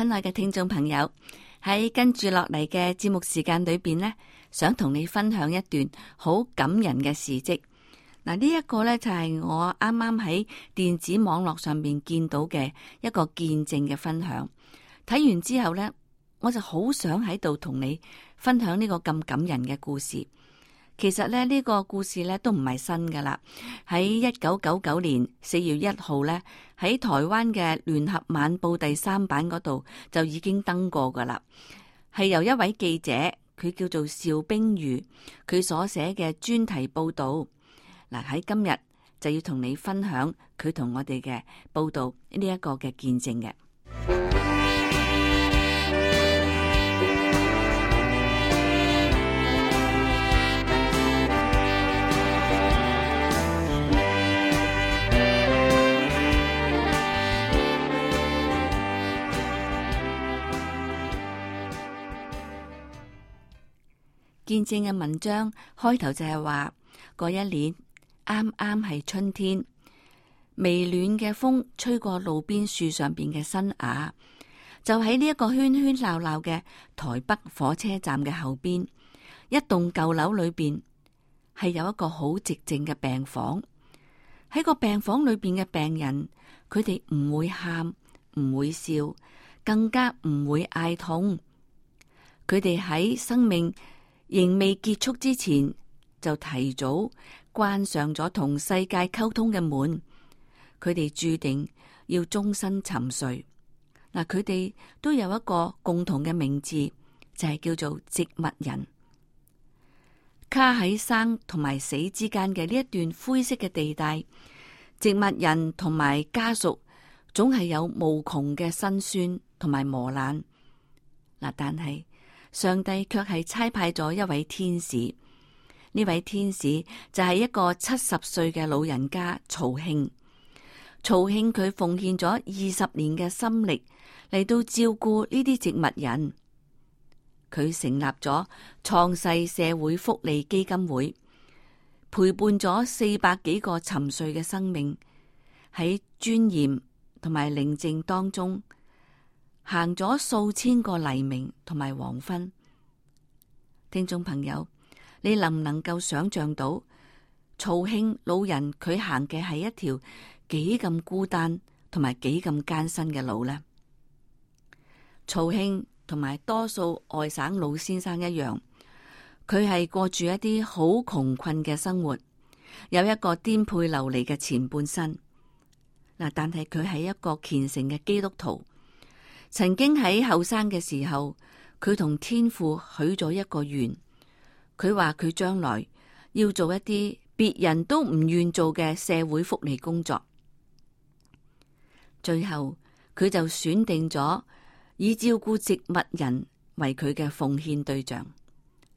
親愛嘅聽眾朋友，喺跟住落嚟嘅節目時間裏邊呢，想同你分享一段好感人嘅事跡。嗱，呢一個呢，就係我啱啱喺電子網絡上面見到嘅一個見證嘅分享。睇完之後呢，我就好想喺度同你分享呢個咁感人嘅故事。其實咧，呢個故事咧都唔係新噶啦，喺一九九九年四月一號咧喺台灣嘅聯合晚報第三版嗰度就已經登過噶啦，係由一位記者佢叫做邵冰如佢所寫嘅專題報道。嗱，喺今日就要同你分享佢同我哋嘅報道呢一個嘅見證嘅。見證嘅文章開頭就係話，嗰一年啱啱係春天，微暖嘅風吹過路邊樹上邊嘅新芽，就喺呢一個喧喧鬧鬧嘅台北火車站嘅後邊，一棟舊樓裏邊係有一個好寂靜嘅病房。喺個病房裏邊嘅病人，佢哋唔會喊，唔會笑，更加唔會嗌痛。佢哋喺生命仍未結束之前，就提早關上咗同世界溝通嘅門，佢哋注定要終身沉睡。嗱，佢哋都有一個共同嘅名字，就係叫做植物人。卡喺生同埋死之間嘅呢一段灰色嘅地帶，植物人同埋家屬總係有無窮嘅辛酸同埋磨難。嗱，但係。上帝卻係差派咗一位天使，呢位天使就係一個七十歲嘅老人家，曹慶。曹慶佢奉獻咗二十年嘅心力嚟到照顧呢啲植物人，佢成立咗創世社會福利基金會，陪伴咗四百幾個沉睡嘅生命，喺尊嚴同埋寧靜當中。行咗數千個黎明同埋黃昏，聽眾朋友，你能唔能夠想象到曹慶老人佢行嘅係一條幾咁孤單同埋幾咁艱辛嘅路呢？曹慶同埋多數外省老先生一樣，佢係過住一啲好窮困嘅生活，有一個顛沛流離嘅前半生。嗱，但係佢係一個虔誠嘅基督徒。曾經喺後生嘅時候，佢同天父許咗一個願，佢話佢將來要做一啲別人都唔願做嘅社會福利工作。最後佢就選定咗以照顧植物人為佢嘅奉獻對象，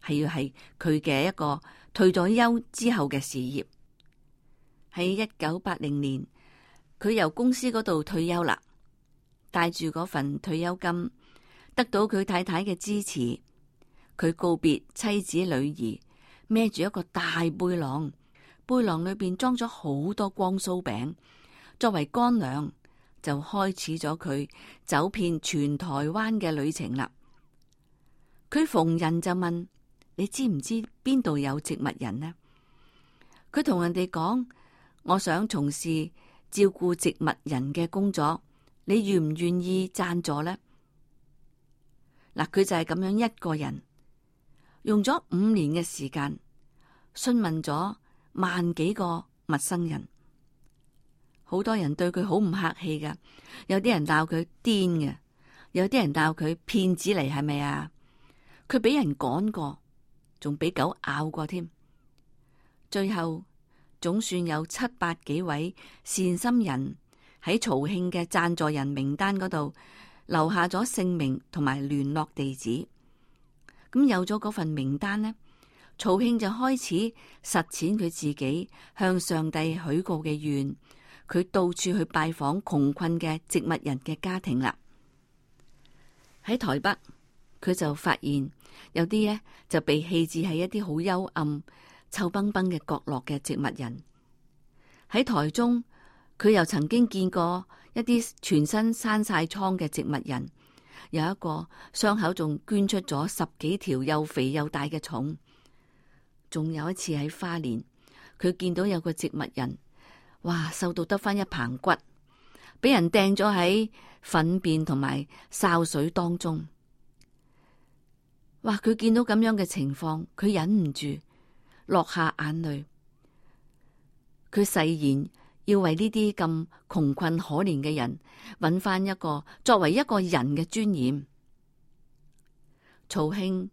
係要係佢嘅一個退咗休之後嘅事業。喺一九八零年，佢由公司嗰度退休啦。帶住嗰份退休金，得到佢太太嘅支持，佢告別妻子女兒，孭住一個大背囊，背囊裏邊裝咗好多光酥餅作為乾糧，就開始咗佢走遍全台灣嘅旅程啦。佢逢人就問：你知唔知邊度有植物人呢？佢同人哋講：我想從事照顧植物人嘅工作。你願唔願意贊助咧？嗱，佢就係咁樣一個人，用咗五年嘅時間詢問咗萬幾個陌生人，好多人對佢好唔客氣噶，有啲人鬧佢癲嘅，有啲人鬧佢騙子嚟係咪啊？佢俾人趕過，仲俾狗咬過添，最後總算有七八幾位善心人。喺曹慶嘅贊助人名單嗰度留下咗姓名同埋聯絡地址，咁有咗嗰份名單呢，曹慶就開始實踐佢自己向上帝許過嘅願，佢到處去拜訪窮困嘅植物人嘅家庭啦。喺台北，佢就發現有啲呢就被棄置喺一啲好幽暗、臭崩崩嘅角落嘅植物人。喺台中。佢又曾經見過一啲全身生晒瘡嘅植物人，有一個傷口仲捐出咗十幾條又肥又大嘅蟲。仲有一次喺花蓮，佢見到有個植物人，哇，瘦到得翻一棚骨，俾人掟咗喺糞便同埋潲水當中。哇！佢見到咁樣嘅情況，佢忍唔住落下眼淚。佢誓言，要為呢啲咁窮困可憐嘅人揾翻一個作為一個人嘅尊嚴。曹興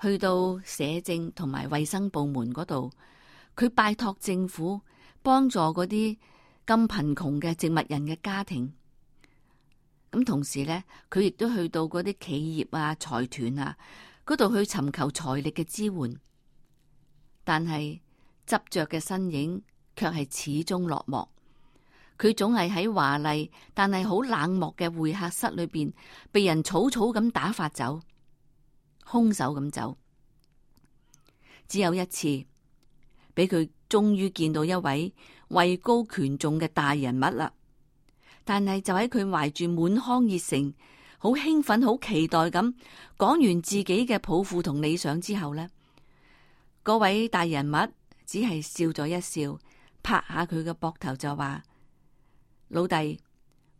去到社政同埋衛生部門嗰度，佢拜託政府幫助嗰啲咁貧窮嘅植物人嘅家庭。咁同時呢，佢亦都去到嗰啲企業啊、財團啊嗰度去尋求財力嘅支援，但係執着嘅身影。卻係始終落寞，佢總係喺華麗但係好冷漠嘅會客室裏邊，被人草草咁打發走，空手咁走。只有一次，俾佢終於見到一位位高權重嘅大人物啦，但係就喺佢懷住滿腔熱誠、好興奮、好期待咁講完自己嘅抱負同理想之後呢，嗰位大人物只係笑咗一笑。拍下佢嘅膊頭就話：老弟，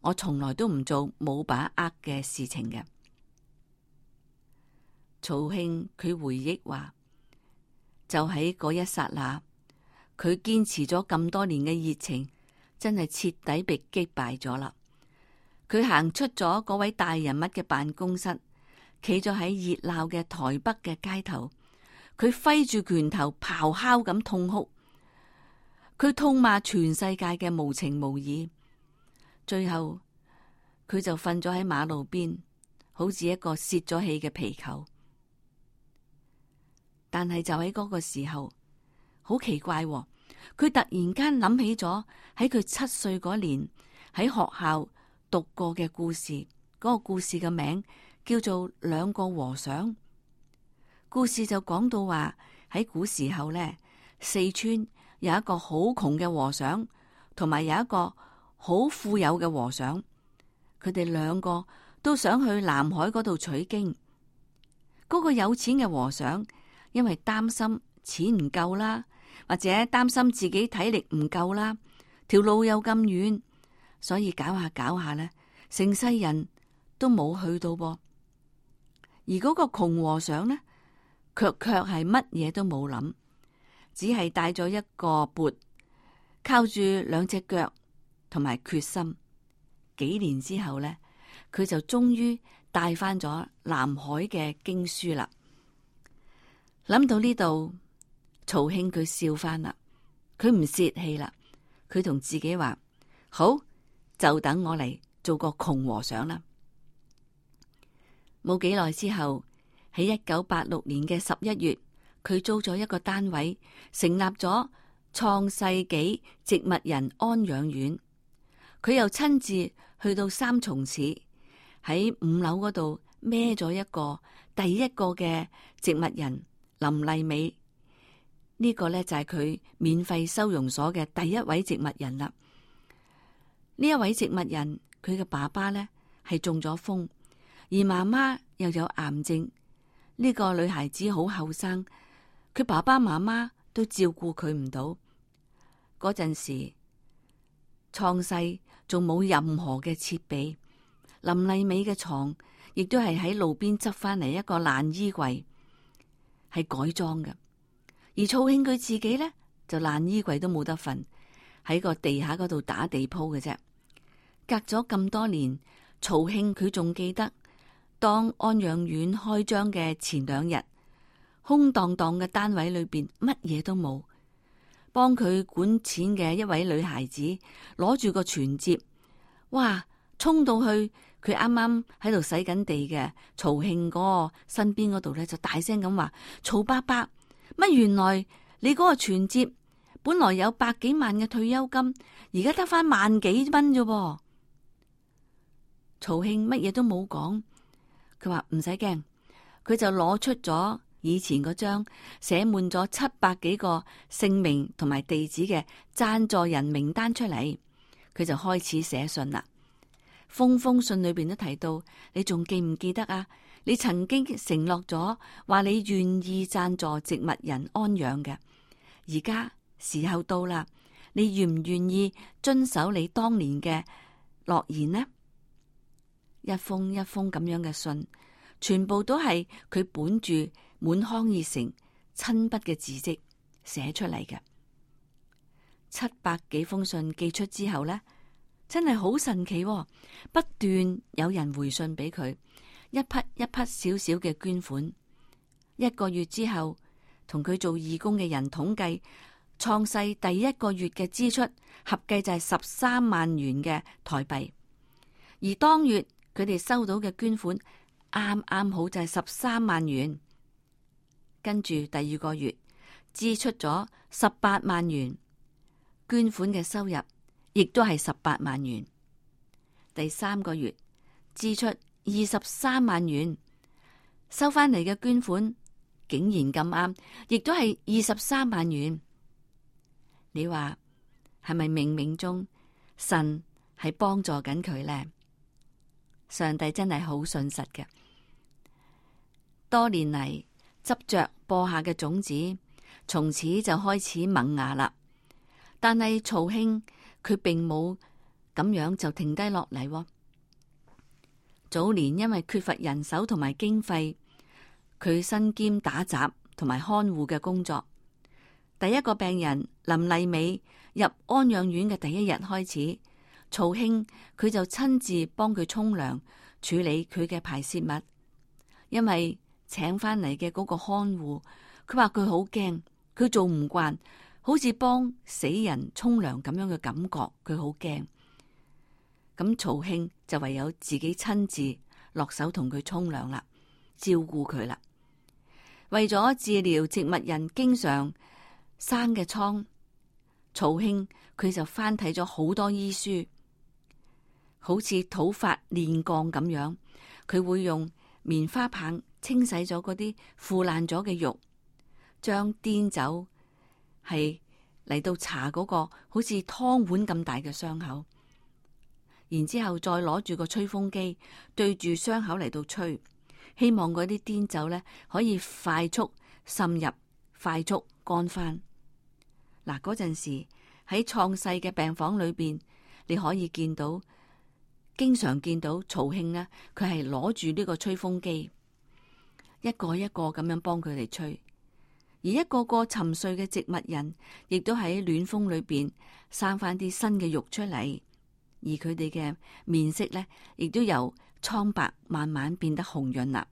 我從來都唔做冇把握嘅事情嘅。曹慶佢回憶話：就喺嗰一剎那，佢堅持咗咁多年嘅熱情，真係徹底被擊敗咗啦。佢行出咗嗰位大人物嘅辦公室，企咗喺熱鬧嘅台北嘅街頭，佢揮住拳頭咆哮咁痛哭。佢痛罵全世界嘅無情無義，最後佢就瞓咗喺馬路邊，好似一個泄咗氣嘅皮球。但係就喺嗰個時候，好奇怪喎，佢突然間諗起咗喺佢七歲嗰年喺學校讀過嘅故事，嗰、嗰個故事嘅名叫做《兩個和尚》。故事就講到話喺古時候咧，四川。有一個好窮嘅和尚，同埋有一個好富有嘅和尚，佢哋兩個都想去南海嗰度取經。嗰個有錢嘅和尚，因為擔心錢唔夠啦，或者擔心自己體力唔夠啦，條路又咁遠，所以搞下搞下咧，成世人都冇去到噃。而嗰個窮和尚呢，卻卻係乜嘢都冇諗。只係帶咗一個缽，靠住兩隻腳同埋決心，幾年之後呢，佢就終於帶翻咗南海嘅經書啦。諗到呢度，曹慶佢笑翻啦，佢唔泄氣啦，佢同自己話：好，就等我嚟做個窮和尚啦。冇幾耐之後，喺一九八六年嘅十一月。佢租咗一個單位，成立咗創世紀植物人安養院。佢又親自去到三重市，喺五樓嗰度孭咗一個第一個嘅植物人林麗美。呢、這個呢，就係、是、佢免費收容所嘅第一位植物人啦。呢一位植物人，佢嘅爸爸呢，係中咗風，而媽媽又有癌症。呢、這個女孩子好後生。佢爸爸媽媽都照顧佢唔到，嗰陣時，創世仲冇任何嘅設備，林麗美嘅床亦都係喺路邊執翻嚟，一個爛衣櫃，係改裝嘅。而曹慶佢自己咧就爛衣櫃都冇得瞓，喺個地下嗰度打地鋪嘅啫。隔咗咁多年，曹慶佢仲記得當安養院開張嘅前兩日。空蕩蕩嘅單位裏邊乜嘢都冇，幫佢管錢嘅一位女孩子攞住個存折，哇，衝到去佢啱啱喺度洗緊地嘅曹慶嗰個身邊嗰度咧，就大聲咁話：曹伯伯乜原來你嗰個存折本來有百幾萬嘅退休金，而家得翻萬幾蚊啫噃。曹慶乜嘢都冇講，佢話唔使驚，佢就攞出咗。以前嗰張寫滿咗七百幾個姓名同埋地址嘅贊助人名單出嚟，佢就開始寫信啦。封封信裏邊都提到，你仲記唔記得啊？你曾經承諾咗，話你願意贊助植物人安養嘅，而家時候到啦，你願唔願意遵守你當年嘅諾言呢？一封一封咁樣嘅信，全部都係佢本住。滿腔熱誠、親筆嘅字跡寫出嚟嘅七百幾封信寄出之後呢，真係好神奇、哦，不斷有人回信俾佢一匹一匹少少嘅捐款。一個月之後，同佢做義工嘅人統計，創世第一個月嘅支出合計就係十三萬元嘅台幣，而當月佢哋收到嘅捐款啱啱好就係十三萬元。跟住第二個月支出咗十八萬元，捐款嘅收入，亦都係十八萬元。第三個月支出二十三萬元，收翻嚟嘅捐款竟然咁啱，亦都係二十三萬元。你話係咪冥冥中神係幫助緊佢呢？上帝真係好信實嘅，多年嚟。執着播下嘅種子，從此就開始萌芽啦。但係曹卿佢並冇咁樣就停低落嚟。早年因為缺乏人手同埋經費，佢身兼打雜同埋看護嘅工作。第一個病人林麗美入安養院嘅第一日開始，曹卿佢就親自幫佢沖涼，處理佢嘅排泄物，因為。請翻嚟嘅嗰個看護，佢話佢好驚，佢做唔慣，好似幫死人沖涼咁樣嘅感覺，佢好驚。咁曹慶就唯有自己親自落手同佢沖涼啦，照顧佢啦。為咗治療植物人經常生嘅瘡，曹慶佢就翻睇咗好多醫書，好似土法練鋼咁樣，佢會用棉花棒。清洗咗嗰啲腐爛咗嘅肉，將碘酒係嚟到，搽嗰個，好似湯碗咁大嘅傷口，然之後再攞住個吹風機對住傷口嚟到吹，希望嗰啲碘酒呢可以快速滲入，快速乾翻嗱。嗰陣時喺創世嘅病房裏邊，你可以見到經常見到曹慶呢，佢係攞住呢個吹風機。一個一個咁樣幫佢哋吹，而一個個沉睡嘅植物人，亦都喺暖風裏邊生翻啲新嘅肉出嚟，而佢哋嘅面色咧，亦都由蒼白慢慢變得紅潤啦。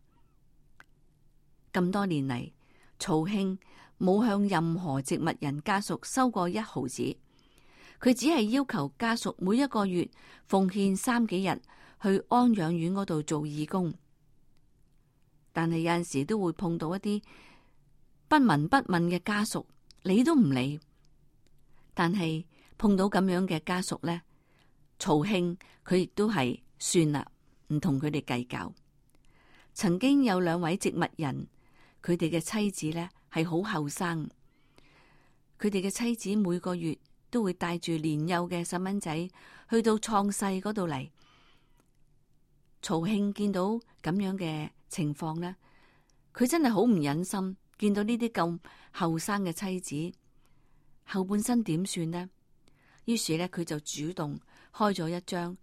咁多年嚟，曹興冇向任何植物人家屬收過一毫子，佢只係要求家屬每一個月奉獻三幾日去安養院嗰度做義工。但係有陣時都會碰到一啲不聞不問嘅家屬，理都唔理。但係碰到咁樣嘅家屬咧，曹慶佢亦都係算啦，唔同佢哋計較。曾經有兩位植物人，佢哋嘅妻子咧係好後生，佢哋嘅妻子每個月都會帶住年幼嘅細蚊仔去到創世嗰度嚟。曹慶見到咁樣嘅情況呢，佢真係好唔忍心見到呢啲咁後生嘅妻子後半生點算呢？於是呢，佢就主動開咗一張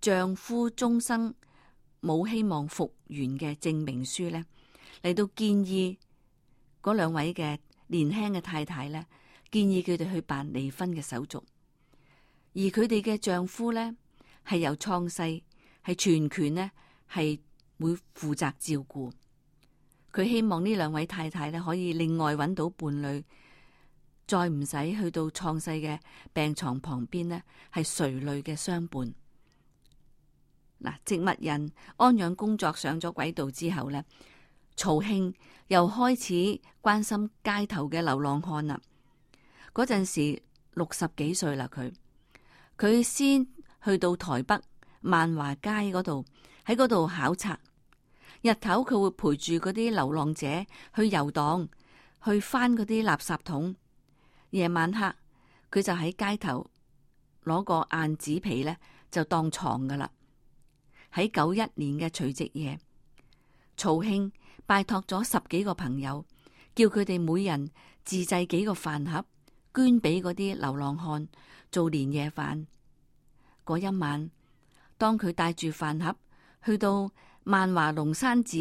丈夫終生冇希望復原嘅證明書呢，嚟到建議嗰兩位嘅年輕嘅太太呢，建議佢哋去辦離婚嘅手續。而佢哋嘅丈夫呢，係由創世係全權呢係。會負責照顧佢，希望呢兩位太太咧，可以另外搵到伴侶，再唔使去到創世嘅病床旁邊咧係垂淚嘅相伴嗱。植物人安養工作上咗軌道之後呢，曹慶又開始關心街頭嘅流浪漢啦。嗰陣時六十幾歲啦，佢佢先去到台北萬華街嗰度，喺嗰度考察。日頭佢會陪住嗰啲流浪者去遊蕩，去翻嗰啲垃圾桶。夜晚黑佢就喺街頭攞個硬紙皮咧，就當床噶啦。喺九一年嘅除夕夜，曹慶拜託咗十幾個朋友，叫佢哋每人自製幾個飯盒，捐俾嗰啲流浪漢做年夜飯。嗰一晚，當佢帶住飯盒去到。萬華龍山寺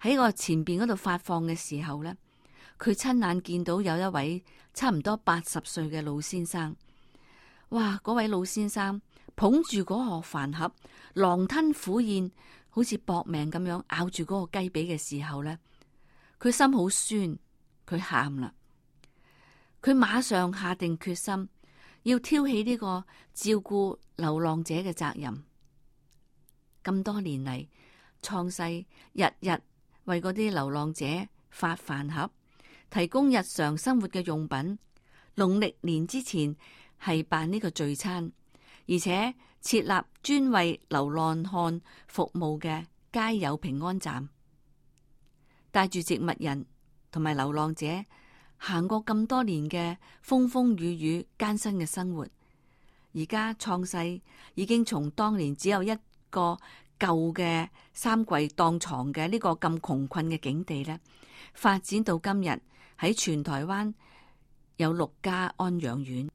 喺個前邊嗰度發放嘅時候咧，佢親眼見到有一位差唔多八十歲嘅老先生。哇！嗰位老先生捧住嗰個飯盒，狼吞虎嚥，好似搏命咁樣咬住嗰個雞髀嘅時候咧，佢心好酸，佢喊啦。佢馬上下定決心要挑起呢個照顧流浪者嘅責任。咁多年嚟。創世日日為嗰啲流浪者發飯盒，提供日常生活嘅用品。農曆年之前係辦呢個聚餐，而且設立專為流浪漢服務嘅街友平安站，帶住植物人同埋流浪者行過咁多年嘅風風雨雨、艱辛嘅生活。而家創世已經從當年只有一個。舊嘅三櫃當床嘅呢個咁窮困嘅境地咧，發展到今日喺全台灣有六家安養院，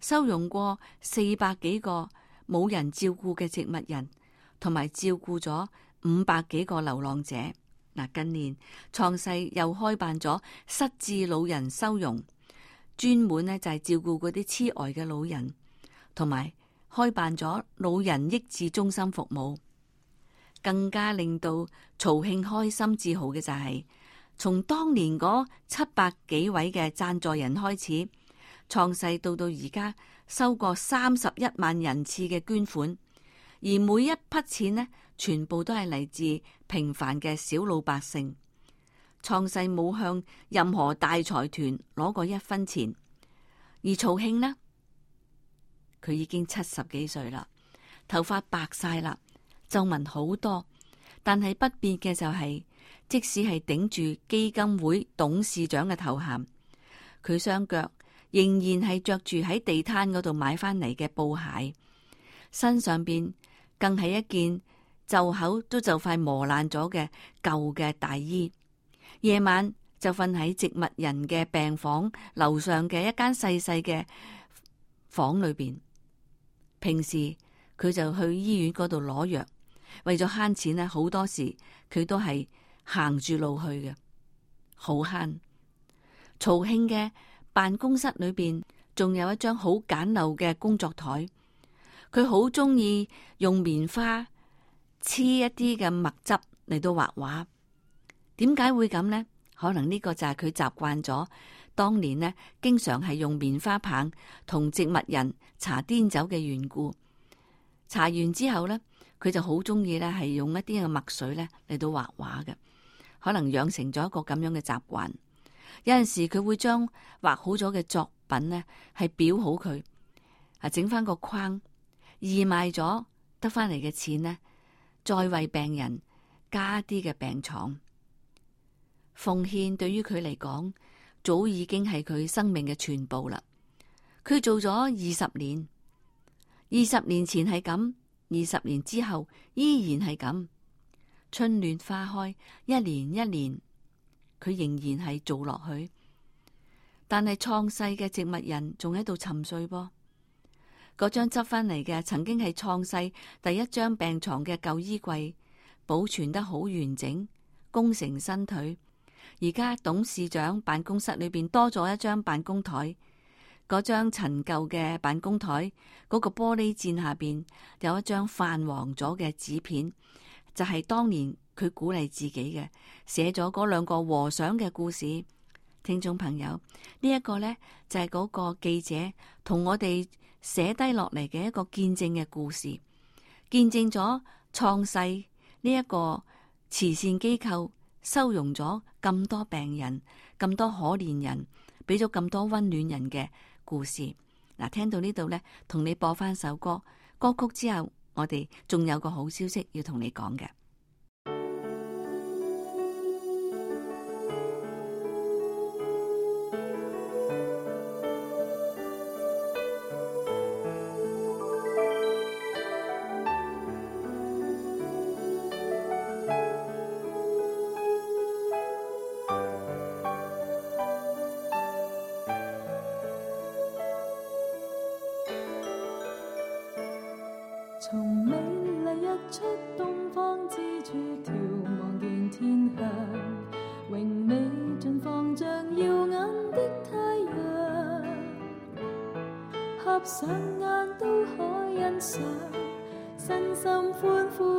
收容過四百幾個冇人照顧嘅植物人，同埋照顧咗五百幾個流浪者。嗱，近年創世又開辦咗失智老人收容，專門咧就係照顧嗰啲痴呆嘅老人，同埋開辦咗老人益智中心服務。更加令到曹慶開心自豪嘅就係、是，從當年嗰七百幾位嘅贊助人開始，創世到到而家，收過三十一萬人次嘅捐款，而每一筆錢呢，全部都係嚟自平凡嘅小老百姓，創世冇向任何大財團攞過一分錢，而曹慶呢，佢已經七十幾歲啦，頭髮白晒啦。皺紋好多，但係不變嘅就係、是，即使係頂住基金會董事長嘅頭銜，佢雙腳仍然係着住喺地攤嗰度買翻嚟嘅布鞋，身上邊更係一件袖口都就快磨爛咗嘅舊嘅大衣。夜晚就瞓喺植物人嘅病房樓上嘅一間細細嘅房裏邊。平時佢就去醫院嗰度攞藥。為咗慳錢咧，好多時佢都係行住路去嘅，好慳。曹慶嘅辦公室裏邊仲有一張好簡陋嘅工作台，佢好中意用棉花黐一啲嘅墨汁嚟到畫畫點解會咁呢？可能呢個就係佢習慣咗當年咧，經常係用棉花棒同植物人搽碘酒嘅緣故。搽完之後咧，佢就好鍾意咧，係用一啲嘅墨水咧嚟到畫畫嘅，可能養成咗一個咁樣嘅習慣。有陣時佢會將畫好咗嘅作品呢係裱好佢，啊整翻個框，義賣咗得翻嚟嘅錢呢，再為病人加啲嘅病床，奉獻對於佢嚟講，早已經係佢生命嘅全部啦。佢做咗二十年，二十年前係咁。二十年之後依然係咁，春暖花開，一年一年，佢仍然係做落去。但係創世嘅植物人仲喺度沉睡噃。嗰張執翻嚟嘅，曾經係創世第一張病床嘅舊衣櫃，保存得好完整，功成身退。而家董事長辦公室裏邊多咗一張辦公台嗰張陳舊嘅辦公台，嗰、那個玻璃墊下邊有一張泛黃咗嘅紙片，就係、是、當年佢鼓勵自己嘅，寫咗嗰兩個和尚嘅故事。聽眾朋友，呢、這、一個呢，就係、是、嗰個記者同我哋寫低落嚟嘅一個見證嘅故事，見證咗創世呢一個慈善機構收容咗咁多病人、咁多可憐人，俾咗咁多溫暖人嘅。故事，嗱，啊，聽到呢度咧，同你播返首歌歌曲之後，我哋仲有個好消息要同你講嘅。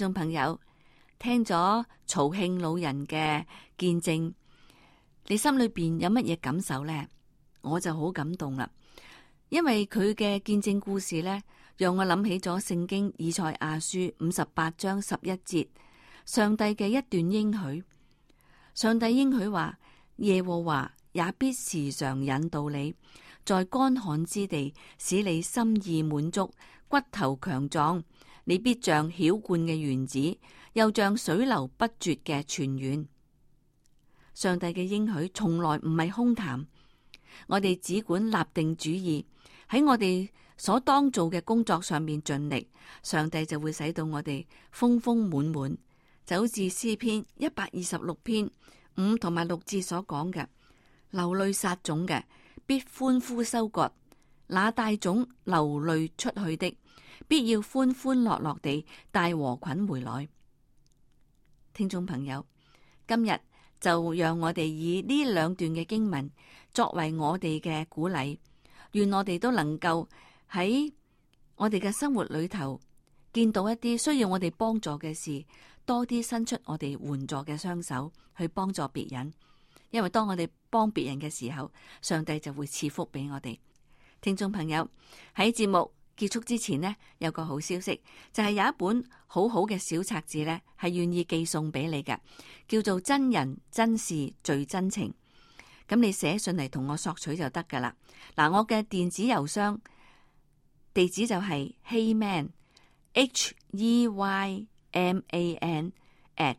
聽眾朋友，聽咗曹慶老人嘅見證，你心裏邊有乜嘢感受呢？我就好感動啦，因為佢嘅見證故事呢，讓我諗起咗聖經以賽亞書五十八章十一節，上帝嘅一段應許。上帝應許話：耶和華也必時常引導你，在乾旱之地使你心意滿足，骨頭強壯。你必像澆灌嘅園子，又像水流不絕嘅泉源。上帝嘅應許從來唔係空談，我哋只管立定主意喺我哋所當做嘅工作上面盡力，上帝就會使到我哋豐豐滿滿。就好似詩篇一百二十六篇五同埋六字所講嘅，流淚撒種嘅，必歡呼收割，那帶種流淚出去的。必要歡歡樂樂地帶禾捆回來，聽眾朋友，今日就讓我哋以呢兩段嘅經文作為我哋嘅鼓勵，願我哋都能夠喺我哋嘅生活裏頭見到一啲需要我哋幫助嘅事，多啲伸出我哋援助嘅雙手去幫助別人，因為當我哋幫別人嘅時候，上帝就會賜福俾我哋。聽眾朋友，喺節目結束之前呢，有個好消息，就係、是、有一本好好嘅小冊子呢，係願意寄送俾你嘅，叫做真人真事最真情。咁你寫信嚟同我索取就得噶啦。嗱，我嘅電子郵箱地址就係 Heyman H E Y M A N at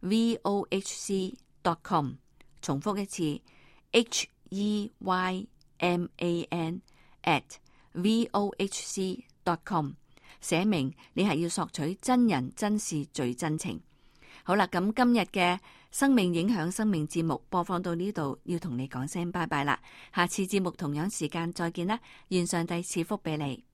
V O H C dot com。重複一次，H E Y M A N at。Vohc.com 寫明你係要索取真人真事最真情。好啦，咁、嗯、今日嘅生命影響生命節目播放到呢度，要同你講聲拜拜啦。下次節目同樣時間再見啦，願上帝賜福俾你。